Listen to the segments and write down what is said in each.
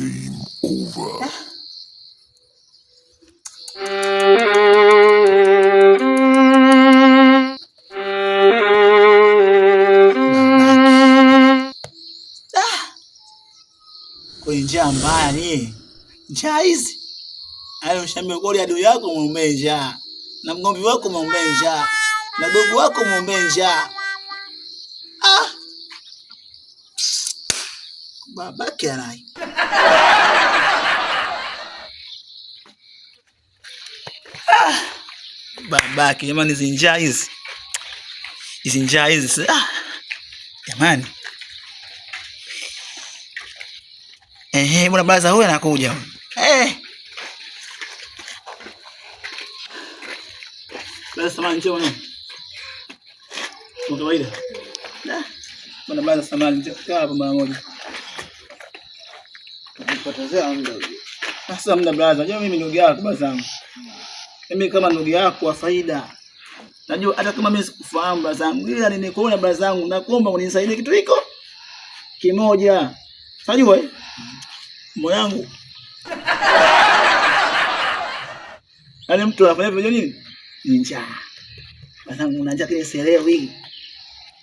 game over. Ah! Kwenye njaa mbaya ni njaa hizi ayo, shambekoli adui yako mwombee njaa, na mgombi wako mwombee njaa, na dogo wako mwombee njaa baba Kerai. Ah, babake jamani, hizi njaa hizi hizi njaa hizi ah, jamani eh, bwana baza huyo anakuja eh. mara moja kupotezea muda Sasa muda brother, unajua mimi ndugu yako baba zangu. Mimi kama ndugu yako wa faida. Najua hata kama mimi sikufahamu baba zangu, ila nimekuona baba zangu, nakuomba unisaidie kitu hiko kimoja. Unajua eh? Moyo wangu. Yaani mtu anafanya hivyo nini? Ni njaa. Baba zangu una njaa kile selewi.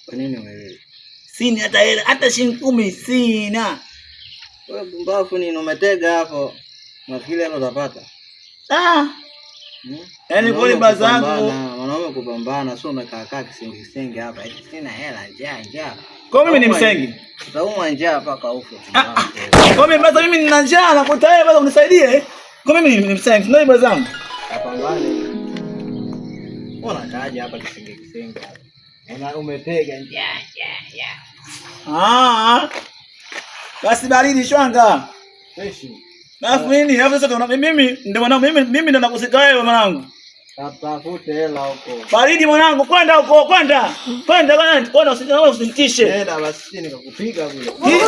Kwa nini wewe? Sina hata hela, hata shilingi 10 sina. Wewe mbafu nini umetega hapo? Nafikiri hapo utapata. Ah. Hmm? Yaani pole bazangu. Wanaume kupambana sio umekaa kaa kisingi kisingi hapa. Eti sina hela njaa njaa. Kwa mimi ni msengi. Utaumwa njaa mpaka ufe. Ah, ah. Kwa mimi mbaza mimi nina njaa na kwa tayari baza unisaidie. Kwa mimi ni msengi. Ndio bazangu. Apambane. Mbona kaja hapa kisingi kisingi yaani hapa? Umetega njaa njaa njaa. Ah. ah basi baridi shwanga. Alafu nini? Alafu sasa mimi ndio mwanangu mimi mimi ndo nakusika wewe mwanangu. Tatafute hela huko. Baridi mwanangu, kwenda huko, kwenda. Kwenda kwenda, kwenda usinitishie. Nenda basi nikakupiga kule.